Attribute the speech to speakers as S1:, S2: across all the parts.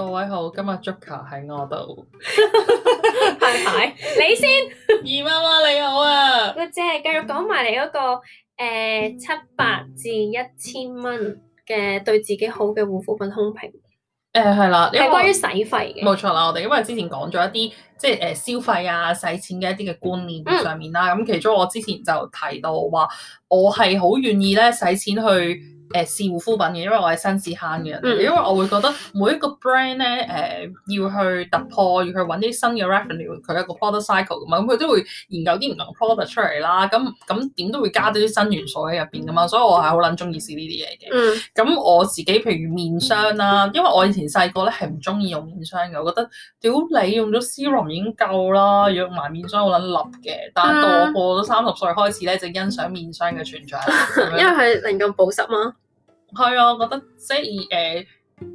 S1: 各位好，今日 Joker 喺我度，派牌，
S2: 你先。姨媽媽你好啊，阿姐繼續講埋你嗰個誒七百至一千蚊嘅對自己好嘅護膚品空瓶。誒係啦，係關於使
S1: 費嘅。冇錯啦，我哋因為之前講咗一啲即係誒消費啊、使錢嘅一啲嘅觀念上面啦，咁其中我之前就提到話，我係好願意咧使錢去。誒試護膚品嘅，因為我係新試慳嘅人，嗯、因為我會覺得每一個 brand 咧誒要去突破，要去揾啲新嘅 revenue，佢一個 product cycle 咁嘛，咁佢都會研究啲唔同 product 出嚟啦，咁咁點都會加啲新元素喺入邊噶嘛，所以我係好撚中意試呢啲嘢嘅。咁、嗯嗯、我自己譬如面霜啦，因為我以前細個咧係唔中意用面霜嘅，我覺得屌你用咗 serum、um、已經夠啦，要用埋面霜好撚立嘅。但到我過咗三十歲開始咧，嗯、就欣賞面霜嘅存在，因為佢能夠保濕嘛。係啊，我覺得即係誒，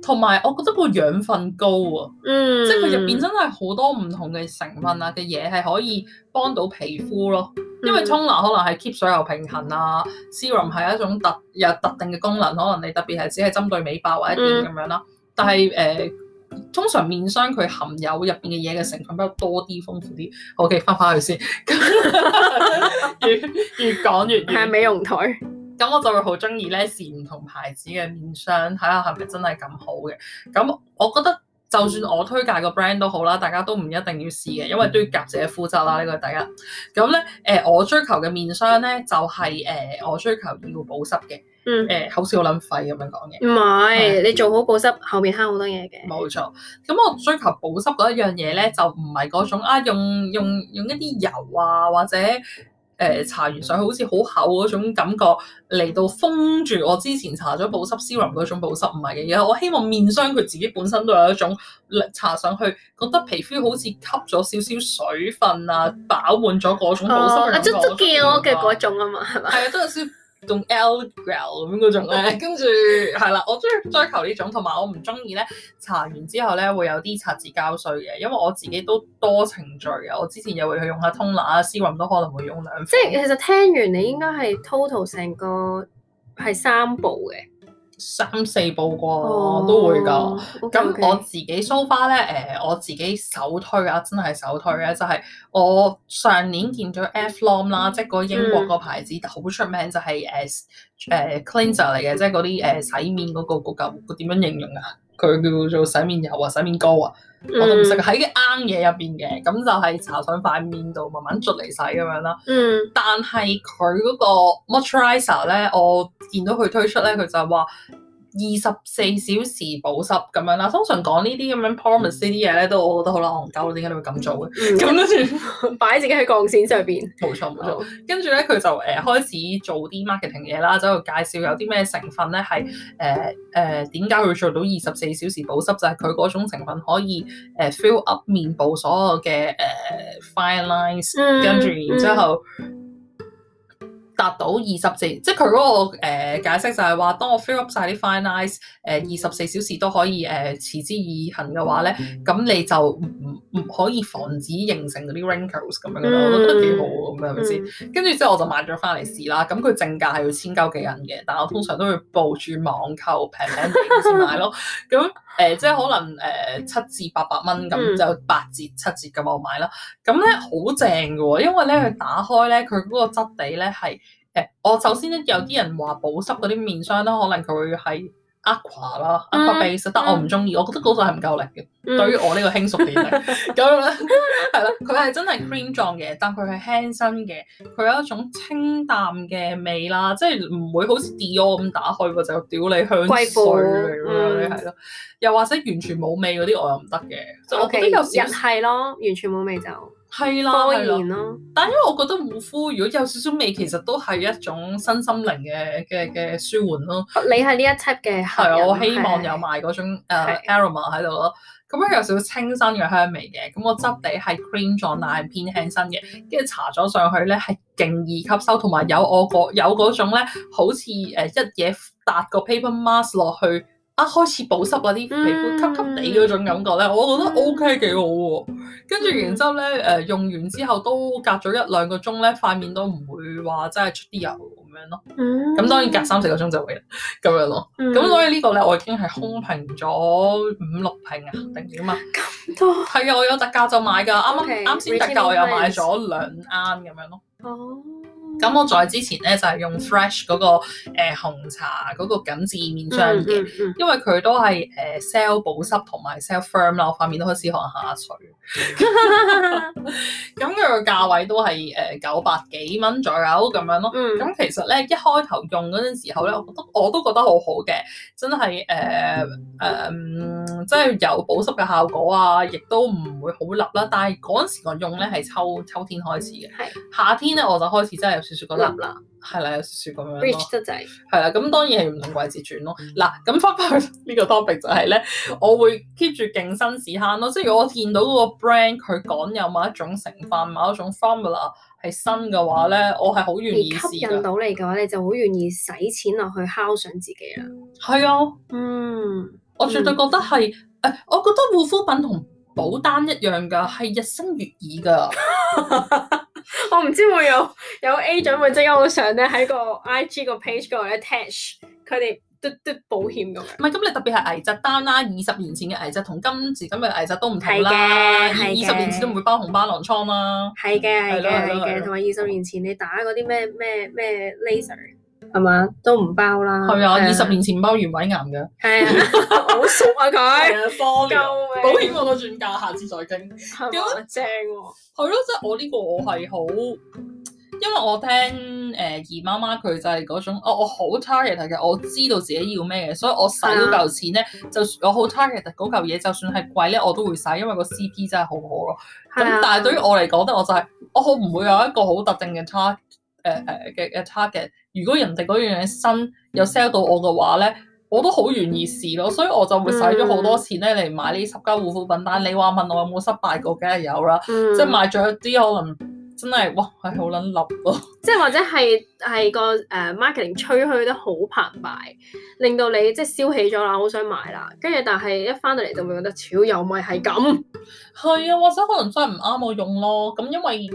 S1: 同埋我覺得個養分高啊，嗯，即係佢入邊真係好多唔同嘅成分啊嘅嘢係可以幫到皮膚咯。嗯、因為沖涼可能係 keep 水油平衡啊， 啊，serum 係一種特有特定嘅功能，可能你特別係只係針對美白或者點咁樣啦、啊。但係誒、呃，通常面霜佢含有入邊嘅嘢嘅成分比較多啲，豐富啲。OK，翻返去先，越講越係 美容台。咁我就會好中意咧試唔同牌子嘅面霜，睇下係咪真係咁好嘅。咁我覺得就算我推介個 brand 都好啦，大家都唔一定要試嘅，因為都要夾自己膚質啦呢個係第一。咁咧誒，我追求嘅面霜咧就係、是、誒、呃、我追求要保濕嘅，誒口少冧廢咁樣講嘅。唔係是，的你做好保濕，後面慳好多嘢嘅。冇錯，咁我追求保濕嗰一樣嘢咧，就唔係嗰種啊，用用用,用一啲油啊或者。誒搽完上去好似好厚嗰種感覺嚟到封住我之前搽咗保濕 serum 嗰種保濕唔係嘅，然後我希望面霜佢自己本身都有一種搽上去覺得皮膚好似吸咗少少水分啊，飽滿咗嗰種保濕嘅感覺、哦啊、我嘅嗰種啊嘛，係啊、嗯，都有少。仲 L gel 咁嗰種咧， 跟住係啦，我中意追求呢種，同埋我唔中意咧擦完之後咧會有啲擦紙膠碎嘅，因為我自己都多程序嘅，我之前又會去用下通拿啊絲雲都可能會用兩。即係其
S2: 實聽完你應該係 total 成個
S1: 係三步嘅。三四部啩，都會㗎。咁我自己梳花咧，誒，我自己首推啊，真係首推啊，就係我上年見咗 Aflorm 啦，即係嗰英國個牌子好出名，就係誒誒 cleanser 嚟嘅，即係嗰啲誒洗面嗰個嗰嚿，我點樣形容啊？佢叫做洗面油啊，洗面膏啊。我都唔食喺啱嘢入邊嘅，咁就係搽上塊面度慢慢啜嚟洗咁樣啦。嗯，但係佢嗰個 moisturiser 咧，我見到佢推出咧，佢就話，二十四小時保濕咁樣啦，通常講呢啲咁樣 promise 呢啲嘢咧，嗯、都我覺得好難講。究竟點解你會咁做嘅？咁都算擺自己喺鋼線上邊。冇錯冇錯，跟住咧佢就誒、呃、開始做啲 marketing 嘢啦，走去介紹有啲咩成分咧係誒誒點解佢做到二十四小時保濕，就係佢嗰種成分可以誒、呃、fill up 面部所有嘅誒、呃、fine lines，跟住、嗯、然之後。嗯達到二十四，即係佢嗰個誒解釋就係話，當我 fill up 曬啲 fine lines 誒二十四小時都可以誒持之以恒嘅話咧，咁你就唔唔可以防止形成嗰啲 wrinkles 咁樣嘅，我覺得幾好喎，咁樣係咪先？跟住之後我就買咗翻嚟試啦。咁佢正價係要千九幾銀嘅，但係我通常都會報住網購平平啲先買咯。咁誒即係可能誒七至八百蚊咁就八折七折咁我買啦。咁咧好正嘅喎，因為咧佢打開咧佢嗰個質地咧係～誒，我首先咧有啲人話保濕嗰啲面霜咧，可能佢會喺 Aqua 啦 Aquaphase、mm hmm. 啊、但我唔中意，我覺得嗰個係唔夠力嘅。Mm hmm. 對於我呢個輕熟年齡， 咁樣係啦，佢係真係 cream 狀嘅，但佢係輕身嘅，佢有一種清淡嘅味啦，即係唔會好似 Dior 咁打開個就屌你香水嚟你係咯，又或者完全冇味嗰啲我又唔得嘅，就 Okay, 我覺得有時
S2: 係咯，完全冇味就。係啦，然咯、啊。
S1: 啊、但係因為我覺得護膚如果有少少味，其實都係一種身心靈嘅嘅嘅舒緩咯。你係呢一輯嘅係、啊、我希望有賣嗰種 aroma 喺度咯。咁樣有少少清新嘅香味嘅，咁、那、我、個、質地係 cream 狀態，偏輕身嘅，跟住搽咗上去咧係勁易吸收，同埋有我個有嗰種咧，好似誒一嘢搭個 paper mask 落去。啊，開始保濕啊，啲皮膚、嗯、吸吸地嗰種感覺咧，我覺得 OK 幾、嗯、好喎、啊。跟住然之後咧，誒、呃、用完之後都隔咗一兩個鐘咧，塊面都唔會話真係出啲油咁樣咯。咁、嗯、當然隔三四個鐘就會，咁樣咯。咁、嗯、所以個呢個咧，我已經係空瓶咗五六瓶啊，定點啊？咁多係啊！我有特價就買㗎，啱啱啱先特價我又買咗兩安咁樣咯。哦。Oh. 咁我再之前咧就係、是、用 fresh 嗰、那個誒、呃、紅茶嗰個緊緻面霜嘅，嗯嗯嗯、因為佢都係誒 sell 保濕同埋 sell firm 啦，我塊面都開始向下垂，咁佢個價位都係誒九百幾蚊左右咁樣咯。咁其實咧一開頭用嗰陣時候咧，我覺我都覺得好好嘅，真係誒誒，即係有保濕嘅、呃、效果啊，亦都唔會好立啦。但係嗰陣時我用咧係秋秋天開始嘅，夏天咧我就開始真係。少少咁立啦，係啦了，有少少咁樣咯。Rich 得滯，係啦，咁當然係唔同季節轉咯。嗱、嗯，咁翻返去呢個 topic 就係咧，我會 keep 住競爭時刊咯。即係如果我見到嗰個 brand 佢講有某一種成分、嗯、某一種 formula 係新嘅話咧，我係好願意試嘅。吸引
S2: 到你嘅話，你就好願意使
S1: 錢落去犒賞自己啦。係啊，嗯，的嗯我絕對覺得係誒、哎，我覺得護膚品同保單一樣㗎，係日新月異㗎。 我唔知會有有 A 準備，即刻好想咧喺個 IG 個 page
S2: 嗰度 attach 佢哋嘟嘟保險咁
S1: 樣。唔係，咁你特別係危疾單啦，二十年前嘅危疾同今時今日嘅危疾都唔同啦，二十年前都唔會包紅斑狼瘡啦。係嘅，係嘅，係嘅，同
S2: 埋二十年前你打嗰啲咩咩咩 laser。
S1: 係嘛，都唔包啦。係啊，二十、啊、年前包原位癌嘅。係好、啊、 熟啊佢。係啊， 救命保險我個專家，下次再傾。咁正喎。係咯 後，即係、啊、我呢個我係好，因為我聽誒姨媽媽佢就係嗰種，哦、我我好 target 嘅，我知道自己要咩嘅，所以我使嗰嚿錢咧、啊，就算我好 target 嗰嚿嘢，就算係貴咧，我都會使，因為個 C P 真係好好、啊、咯。咁、啊、但係對於我嚟講咧，我就係、是、我好唔會有一個好特定嘅 target，誒、呃、誒嘅嘅 target。如果人哋嗰樣嘢新又 sell 到我嘅話咧，我都好願意試咯，所以我就會使咗好多錢咧嚟買呢十間護膚品。但係你話問我有冇失敗過，梗係有啦，嗯、即係買咗一啲可能真係哇係好撚笠咯。哎
S2: 啊、即係或者係係個誒、uh, marketing 吹噓得好澎湃，令到你即係燒起咗啦，好想買啦，跟住但係一返到嚟就會覺得超油咪係咁。
S1: 係、嗯、啊，或者可能真係唔啱我用咯，咁因為。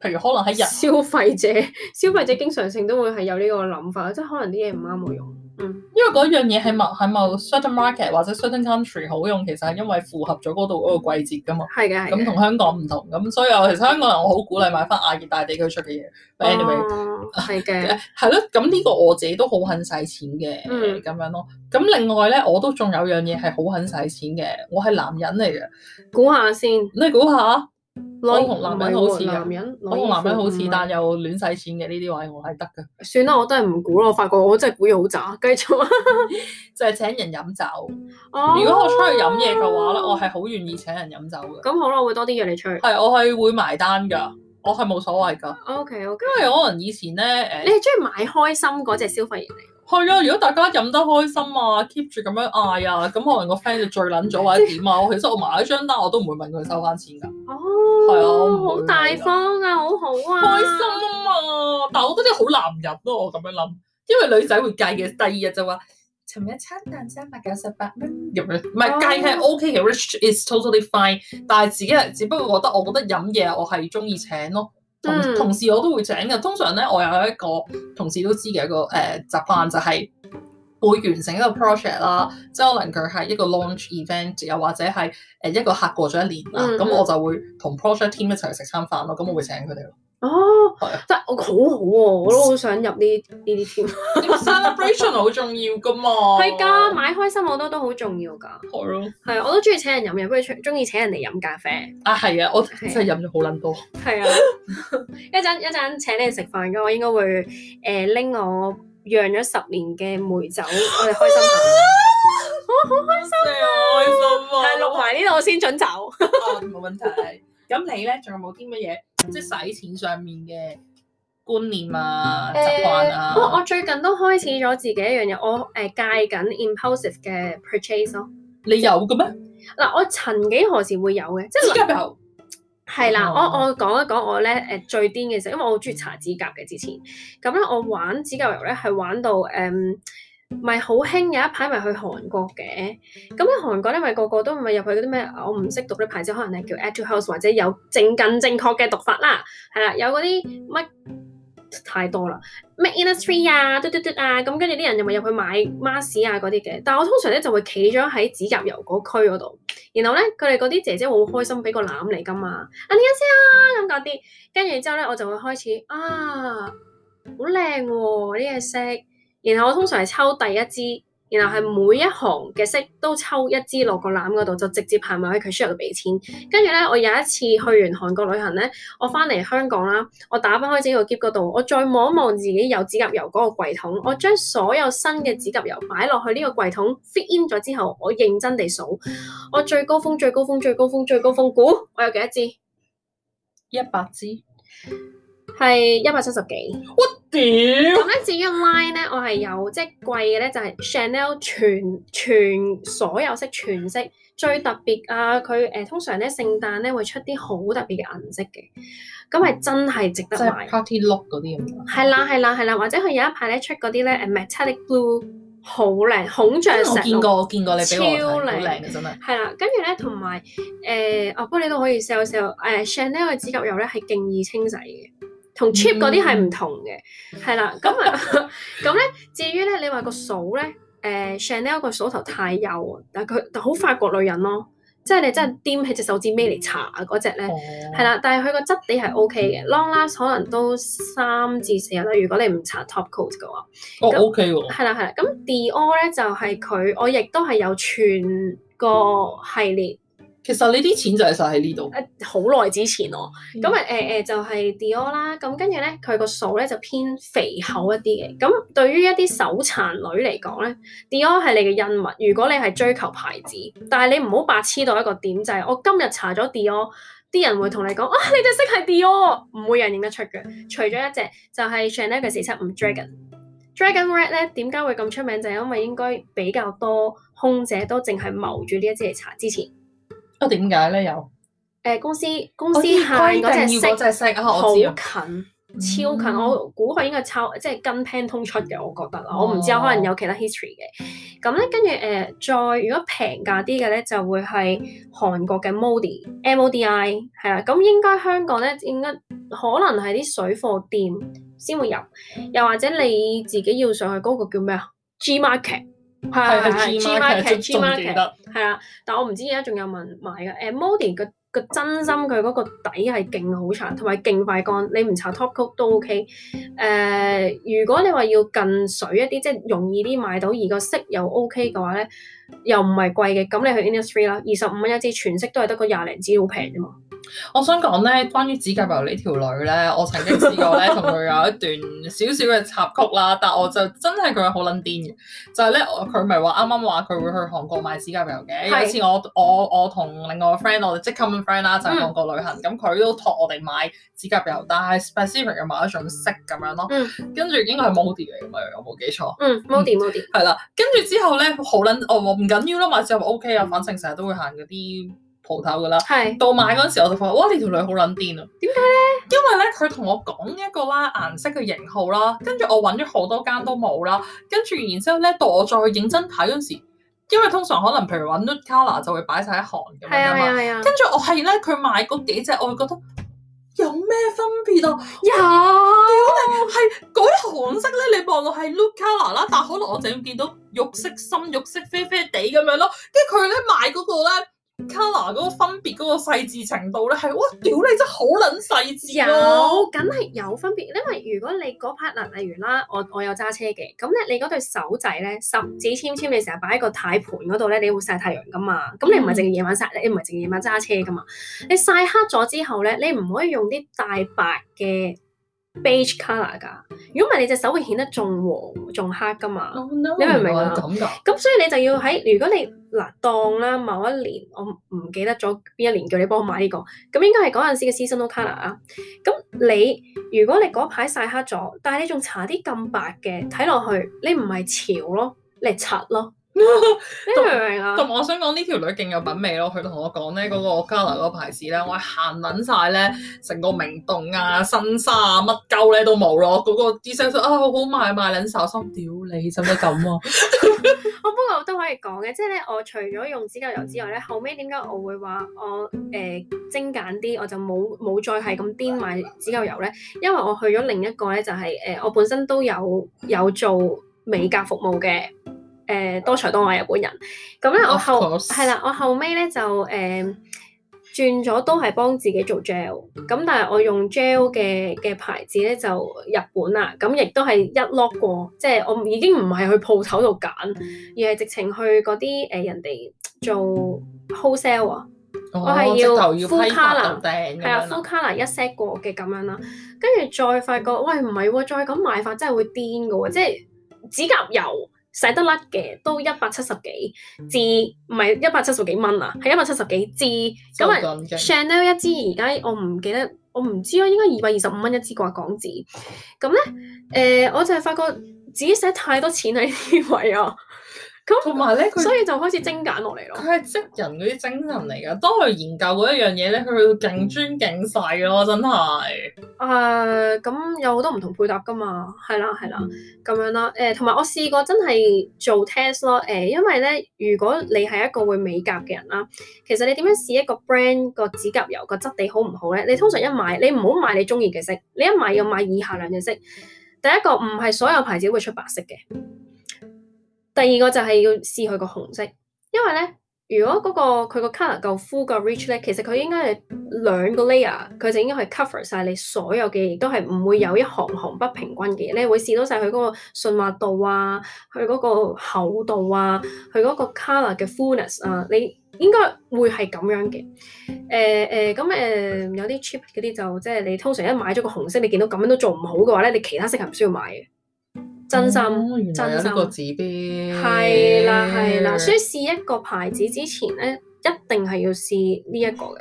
S1: 譬如可能喺日，消
S2: 費者消費者經常性都會係有呢個諗法，即係可能
S1: 啲嘢唔啱我用。嗯，因為嗰樣嘢係咪喺某 certain market 或者 certain country 好用，其實係因為符合咗嗰度嗰個季節噶嘛。係嘅，咁同香港唔同，咁所以我其實香港人我好鼓勵買翻亞熱帶地區出嘅嘢。Anyway，係嘅，係咯。咁呢 個我自己都好肯使錢嘅咁、嗯、樣咯。咁另外咧，我都仲有樣嘢係好肯使錢嘅。我係男人嚟嘅，估下先。你估下。我同男人好似，男人同男人好似，但又亂使錢嘅呢啲位我係得㗎。算啦，我都係唔估咯。我發覺我真係估嘢好渣，繼續 就係請人飲酒。如果我出去飲嘢嘅話咧，哦、我係好願意請人飲酒嘅。咁好啦，我會多啲約你出去。係，我係會埋單㗎，我係冇所謂㗎。OK，OK，Okay, okay. 因為可能以前咧誒，uh, 你係中意買開心嗰隻消費型嚟。係啊，如果大家飲得開心啊，keep 住咁樣嗌啊，咁可能個 friend 就醉撚咗或者點啊。 我其實我買一張單我都唔會問佢收翻錢㗎。係、哦、啊，好、啊、大方啊，好好啊。開心啊！但係我覺得啲好難飲咯，我咁樣諗，因為女仔會計嘅第二日就話，尋日 餐單三百九十八蚊咁樣，唔係 計係 OK 嘅 which is totally fine。但係自己人，只不過覺得我覺得飲嘢我係中意請咯。同同事我都會請嘅，通常咧我有一個同事都知嘅一個誒習慣，就係、是、會完成一個 project 啦，即係可能佢係一個 launch event，又或者係誒一個客過咗一年啦，咁、嗯、我就會同 project team 一齊食餐飯咯，咁我會請佢哋咯。
S2: 哦，即係我好好、啊、喎，我都好想入呢呢啲 team celebration 好
S1: 重要噶嘛，係噶 買
S2: 開心好多都好重要噶，係的我都中意請人飲嘅，不如中意請人嚟飲咖啡。
S1: 啊係啊，我真係飲咗好捻多。
S2: 係啊，一陣一陣請你哋食飯嘅，我應該會誒拎、呃、我釀咗十年嘅梅酒，我哋開心下，好好開心，啊！係開心啊！錄埋呢
S1: 度我先準走，冇、 oh, 問題。咁你呢仲有冇啲乜嘢即係使錢上面嘅觀念啊、呃、習慣啊？哦、啊，我
S2: 最近都開始咗自己一樣嘢，我誒、呃、戒緊 impulsive 嘅 purchase 咯。你有嘅咩？嗱、啊，我曾幾何時會有嘅？即係指甲油係啦，的嗯、我我講一講我咧誒、呃、最癲嘅時候，因為我好中意搽指甲嘅之前，咁、嗯、咧、嗯嗯、我玩指甲油咧係玩到誒。嗯咪好興有一排咪去韓國嘅，咁喺韓國咧咪個個都唔係入去嗰啲咩？我唔識讀啲牌子，可能係叫 Atto House 或者有正近正確嘅讀法啦，係啦，有嗰啲乜太多啦，咩 industry 啊，嘟嘟嘟嘟啊，咁跟住啲人又咪入去買 mask 啊嗰啲嘅，但係我通常咧就會企咗喺指甲油嗰區嗰度，然後咧佢哋嗰啲姐姐會好開心俾個籃嚟噶嘛，啊點先啊咁嗰啲，跟住之後咧我就會開始啊好靚喎呢個色。然後我通常係抽第一支，然後係每一行嘅色都抽一支落個籃嗰度，就直接派埋喺佢輸入度俾錢。跟住咧，我有一次去完韓國旅行咧，我翻嚟香港啦，我打翻開自己個喼嗰度，我再望一望自己有指甲油嗰個櫃桶，我將所有新嘅指甲油擺落去呢個櫃桶 fit in 咗之後，我認真地數，我最高峰、最高峰、最高峰、最高峰估我有幾多支？一百支，係一百七十幾。What? 咁咧，嗯、至於 line 咧，我係有即係貴嘅咧，就係、是、Chanel 全全所有色全色，最特別啊！佢誒、呃、通常咧聖誕咧會出啲好特別嘅銀色嘅，咁係真係值得買。Party
S1: look 嗰啲咁咯，
S2: 係啦係啦係啦，啦，或者佢有一排咧出嗰啲咧誒 metallic blue，好靚孔雀石。我見過，我見過你我超靚嘅真係。係啦，跟住咧同埋誒，不過、呃、你都可以 sell sell 誒 Chanel 嘅指甲油咧，係勁易清洗嘅。Che 同 cheap 嗰啲係唔同嘅，係啦， 咁啊，咁咧，至於咧，你話個掃咧，誒、呃、Chanel 個掃頭太幼啊，但佢好法國女人咯，即係你真係掂起隻手指尾嚟搽嗰隻咧，係啦、哦，但係佢個質地係 OK 嘅、嗯、Long Last 可能都三至四日啦，如果你唔搽 top coat 嘅話、哦、那，OK 喎的，係啦係啦，咁 Dior 咧就係、是、佢，我亦都係有全個
S1: 系列、嗯。其實你啲錢就係晒喺呢度。誒，好耐之前咯，咁誒誒
S2: 就係 Dior 啦。咁跟住咧，佢個數咧就偏肥厚一啲嘅。咁對於一啲手殘女嚟講咧，Dior 係你嘅恩物。如果你係追求牌子，但係你唔好白痴到一個點就係、是、我今日搽咗 Dior，啲人會同你講啊，你隻色係 Dior，唔會有人認得出嘅。除咗一隻就係、是、Chanel 嘅四七五 Dragon Dragon Red 咧，點解會咁出名？就係、是、因為應該比較多空姐都淨係謀住呢一隻嚟搽之前。
S1: 啊，點解咧？有
S2: 誒公司公司係嗰隻色好近，超近，嗯、我估佢應該抄即係跟 Pan 通出嘅，我覺得啊，哦、我唔知可能有其他 History 嘅。咁咧，跟住誒再如果平價啲嘅咧，就會係韓國嘅 Modi M, odi, M O D I 係啦。咁應該香港咧，應該可能係啲水貨店先會入，又或者你自己要上去嗰個叫咩啊？G Market。係係係 Gmarket 係啦，但我唔知而家仲有冇人買嘅？誒、欸、Moody 個個真心佢嗰個底係勁好搽，同埋勁快乾。你唔搽 Topcoat 都 OK，呃。誒，如果你話要近水一啲，即係容易啲買到，而個色又 OK 嘅話咧，又唔係貴嘅。咁你去 Industry 啦，二十五蚊一支，全色都係得個廿零支，好平啫嘛。
S1: 我想講咧，關於指甲油條呢條女咧，我曾經試過咧同佢有一段少少嘅插曲啦，但係我就真係佢好撚癲嘅，就係咧佢咪係話啱啱話佢會去韓國買指甲油嘅，是有一次我我我同另外個 friend，我哋即刻 friend 啦，就係韓國旅行，咁佢都托我哋買指甲油，但係 specific 嘅買一種色咁樣咯，嗯、跟住應該係 Modi 嚟嘅，我冇記錯、嗯，嗯，Modi Modi 係啦，跟住之後咧好撚，我唔緊要咯，買之後 OK 啊，反正成日都會行嗰啲鋪頭㗎啦，係到買嗰陣時，我就發覺，哇！呢條女好撚癲啊！點解咧？因為咧，佢同我講一個啦，顏色嘅型號啦，跟住我揾咗好多間都冇啦，跟住然之後咧，到我再認真睇嗰陣時，因為通常可能譬如揾 nude colour 就會擺晒一行咁樣啊，啊啊跟住我係咧，佢買嗰幾隻，我會覺得有咩分別啊？有係嗰一行色咧，你望落係 nude colour 啦，但可能我就要見到肉色深、肉色啡啡哋咁樣咯，跟住佢咧買嗰個咧。color 嗰個分別，嗰個細緻程度咧，係哇屌你真好撚細緻，有，梗係
S2: 有分別，因為如果你嗰 part 嗱，例如啦，我我有揸車嘅，咁咧你嗰對手仔咧，十指纖纖，你成日擺喺個軚盤嗰度咧，你會曬太陽噶嘛？咁你唔係淨夜晚曬，嗯、你唔係淨夜晚揸車噶嘛？你曬黑咗之後咧，你唔可以用啲大白嘅。beige color 㗎，如果唔係你隻手會顯得仲黃仲黑㗎嘛，oh、no，你明唔明啊？咁咁所以你就要喺如果你嗱當啦某一年我唔記得咗邊一年叫你幫我買呢個，咁應該係嗰陣時嘅 seasonal color 啊，咁你如果你嗰排晒黑咗，但係你仲搽啲咁白嘅，睇落去你唔
S1: 係潮咯，你柒咯。你明唔明啊？同埋 跟我想講呢條女勁有品味咯，佢同我講咧嗰個 Gala 個牌子咧，我行捻晒咧，成個明洞啊、新沙啊乜鳩咧都冇咯。嗰、那個啲 discount 啊，好，好賣賣捻手心屌，屌你使唔使咁啊？
S2: 我不過我都可以講嘅，即、就、係、是、我除咗用指甲油之外咧，後尾點解我會話我誒、呃、精簡啲，我就冇冇再係咁癲買指甲油咧？因為我去咗另一個咧，就係、是、誒、呃、我本身都有有做美甲服務嘅。誒多才多藝日本人，咁咧我後係啦 Of course.，我後屘咧就誒、呃、轉咗，都係幫自己做 gel，咁但係我用 gel 嘅嘅牌子咧就日本啦，咁亦都係一 lock 過，即係我已經唔係去鋪頭度揀，而係直情去嗰啲誒人哋做 wholesale 啊，我係要 full colour 定係啊 full colour 一 set 過嘅咁樣啦，跟住再發覺喂唔係喎，再咁買法真係會癲嘅喎，即係指甲油。使得甩嘅都一百七十幾支，唔係一百七十幾蚊啊，係一百七十幾支。咁係 Chanel 一支而家我唔記得，我唔知啊，應該二百二十五蚊一支啩港紙。咁、嗯、咧，誒、呃，我就係發覺自己使太多錢喺呢位啊。咁，同埋呢，佢所以就開始精簡落嚟咯。佢係職人嗰
S1: 啲精神嚟噶，當佢研究過一樣嘢咧，佢會勁專勁細咯，真係。
S2: 誒，咁有好多唔同配搭噶嘛，係啦，係啦，咁樣啦。誒、呃，同埋我試過真係做 test 咯。誒、呃，因為咧，如果你係一個會美甲嘅人啦，其實你點樣試一個 brand 個指甲油個質地好唔好咧？你通常一買，你唔好買你中意嘅色，你一買要買以下兩隻色。第一個唔係所有牌子會出白色嘅。第二個就係要試佢個紅色，因為咧，如果嗰、那個佢個 color 夠 full 夠 rich 咧，其實佢應該係兩個 layer，佢就應該係 cover 晒你所有嘅，亦都係唔會有一行行不平均嘅，你會試到晒佢嗰個順滑度啊，佢嗰個厚度啊，佢嗰個 color 嘅 fullness 啊，你應該會係咁樣嘅。誒、呃、誒，咁、呃、誒、呃、有啲 cheap 嗰啲就即係、就是、你通常一買咗個紅色，你見到咁樣都做唔好嘅話咧，你其他色係唔需要買嘅。真心，哦、原來有一個指標。係啦，係啦，所以試一個牌子之前咧，一
S1: 定係要試呢一個嘅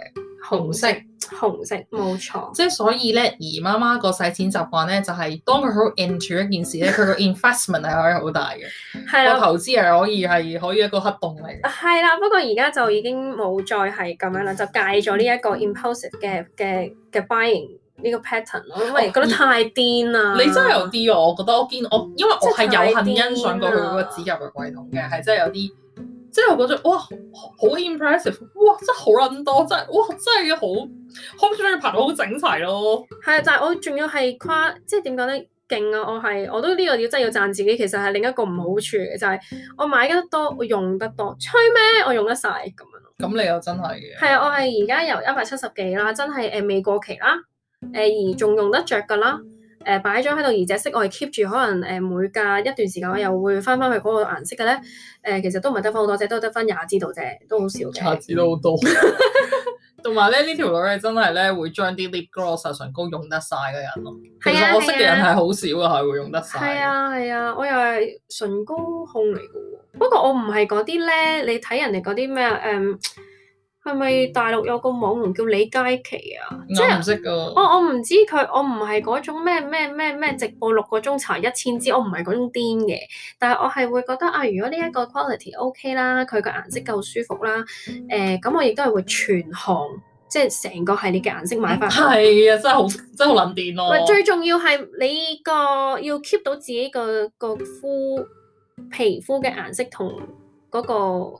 S1: 紅色，紅色冇錯。即係所以咧，姨媽媽個使錢習慣咧，就係、是、當佢好 into 一件事咧，佢個 investment 係可以好大嘅。係啦 的，投資係可以係可以一個黑洞嚟。
S2: 係啦，不過而家就已經冇再係咁樣啦，就戒咗呢一個 impulsive 嘅嘅嘅 buying。呢個 pattern
S1: 咯、哦，因為覺得太癲啦。你真係有啲我覺得，我見我因為我係有幸欣賞過佢嗰個指甲嘅櫃桶嘅，係真係有啲，即、就、係、是、我覺得哇，好 impressive，哇，真係好撚多，真係哇，真係好，好鍾意排到好整齊咯。係啊，
S2: 就係我仲要係誇，即係點講咧？勁啊！我係我都呢個真要真係要讚自己，其實係另一個唔好處嘅就係、是、我買得多，我用得多，吹咩？我用得晒，咁樣。咁你又真係嘅。係啊，我係而家由一百七十幾啦，真係誒未過期啦。誒而仲用得着㗎啦，誒擺咗喺度而隻色，我係 keep 住，可能誒每隔一段時間我又會翻翻去嗰個顏色嘅咧。誒、呃、其實都唔係得翻好多隻，得翻廿支度啫，都好少嘅。廿支都好
S1: 多。 同埋咧，呢條女係真係咧會將啲 lip gloss、啊、唇膏用得晒嘅人咯。其實我識嘅人係好少嘅，係、啊啊、會用得晒。係
S2: 啊係啊，我又係唇膏控嚟嘅喎。不過我唔係嗰啲咧，你睇人哋嗰啲咩誒？嗯係咪大陸有個網紅叫李佳琦啊？真係唔識個。我我唔知佢，我唔係嗰種咩咩咩咩直播六個鐘查一千支，我唔係嗰種癲嘅。但係我係會覺得啊，如果呢一個 quality OK 啦，佢個顏色夠舒服啦，誒、呃、咁我亦都係會全行，即係成個系列嘅顏色買翻。係、哎、啊，真係好真係好撚
S1: 癲咯。最
S2: 重要係你個要 keep 到自己個個膚皮膚嘅顏色同嗰、那個。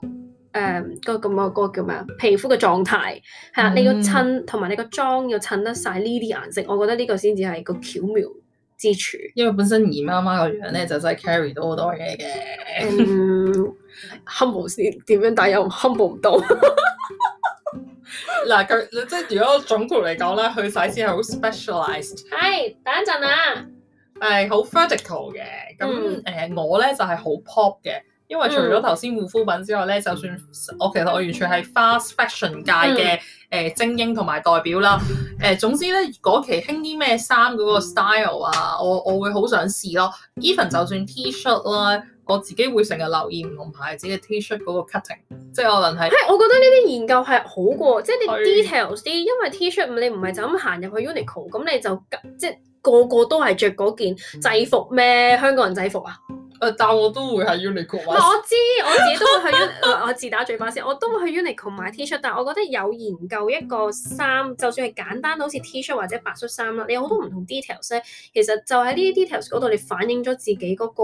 S2: 誒、um, 那個咁、那個叫咩啊？皮膚嘅狀態係啊，你要襯同埋你個妝要襯得晒呢啲顏色，我覺得呢個先至係個巧妙之處。
S1: 因為本身姨媽媽個樣咧就真、是、係 carry 到好多嘢
S2: 嘅，humble 先點樣戴又 humble 唔到。
S1: 嗱 佢 即係如果總括嚟講咧，佢洗先係好 specialised。係、hey，等陣啊，係好 festival 嘅，咁誒、嗯呃、我咧就係、是、好 pop 嘅。因為除咗頭先護膚品之外咧，嗯、就算我其實我完全係 fast fashion 界嘅誒、嗯、精英同埋代表啦。誒總之咧，嗰期興啲咩衫嗰個 style 啊，我我會好想試咯。even 就算 T-shirt 啦，我自己會成日留意唔同牌子嘅 T-shirt 嗰個 cutting，即係可能係。
S2: 係，我覺得呢啲研究係好過，即係你 details 啲，是因為 T-shirt 你唔係就咁行入去 Uniqlo，咁你就即係個個都係着嗰件制服咩？香港人制服啊？呃、但我
S1: 都會喺 Uniqlo 買、嗯。我知
S2: 我自己都會去，Uniqlo 我自打嘴巴先。我都會去 Uniqlo 買 T 恤，shirt，但係我覺得有研究一個衫，就算係簡單到好似 T 恤或者白恤衫啦，你有好多唔同 details 咧。其實就喺呢啲 details 嗰度，你反映咗自己嗰個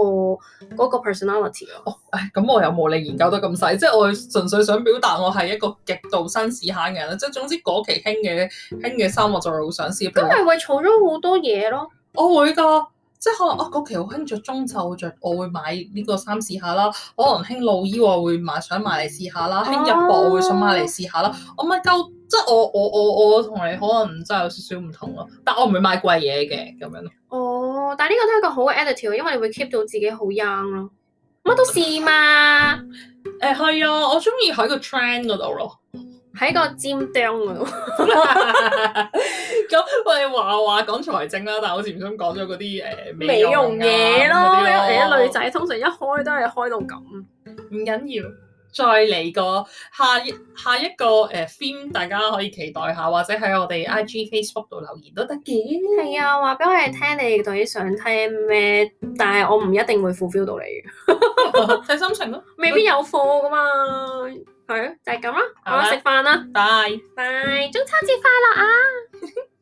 S2: 嗰個
S1: personality 咯。咁、哦哎嗯、我有冇你研究得咁細？即係我純粹想表達，我係一個極度新時下嘅人啦。即係總之嗰期興嘅興嘅衫，我就好想試。咁咪會儲咗好多嘢咯。我會㗎。即係可能啊，嗰、哦、期好興着中袖着，我會買呢個衫試下啦。可能興露衣，我會買想買嚟試下啦。興日播，我會想買嚟試下啦。我咪夠，即係我我我我同你可能真係有少少唔同咯。但我唔會買貴嘢嘅咁樣咯。
S2: 哦，但係呢個都係一個好 e d i t i v 因為你會 keep 到自己好 young 咯。
S1: 乜都試嘛。誒係、 呃、啊，我中意喺個 trend 嗰度咯。喺個尖端、 嗯呃、啊！咁我哋話話講財政啦，但係好似唔想講咗嗰啲誒美容嘢咯。你啲女仔通常一開都係開到咁，唔緊要。再嚟個下下一個誒 film、呃、大家可以期待下，或者喺我哋 IG、嗯、Facebook 度留言都得嘅。
S2: 係啊，話俾我哋聽你到底想聽咩？但係我唔一定會 fulfill 到你，睇 心情咯、啊。 未必有貨噶嘛。 好，就係咁啦，我食飯啦，拜拜，中秋節快樂啊！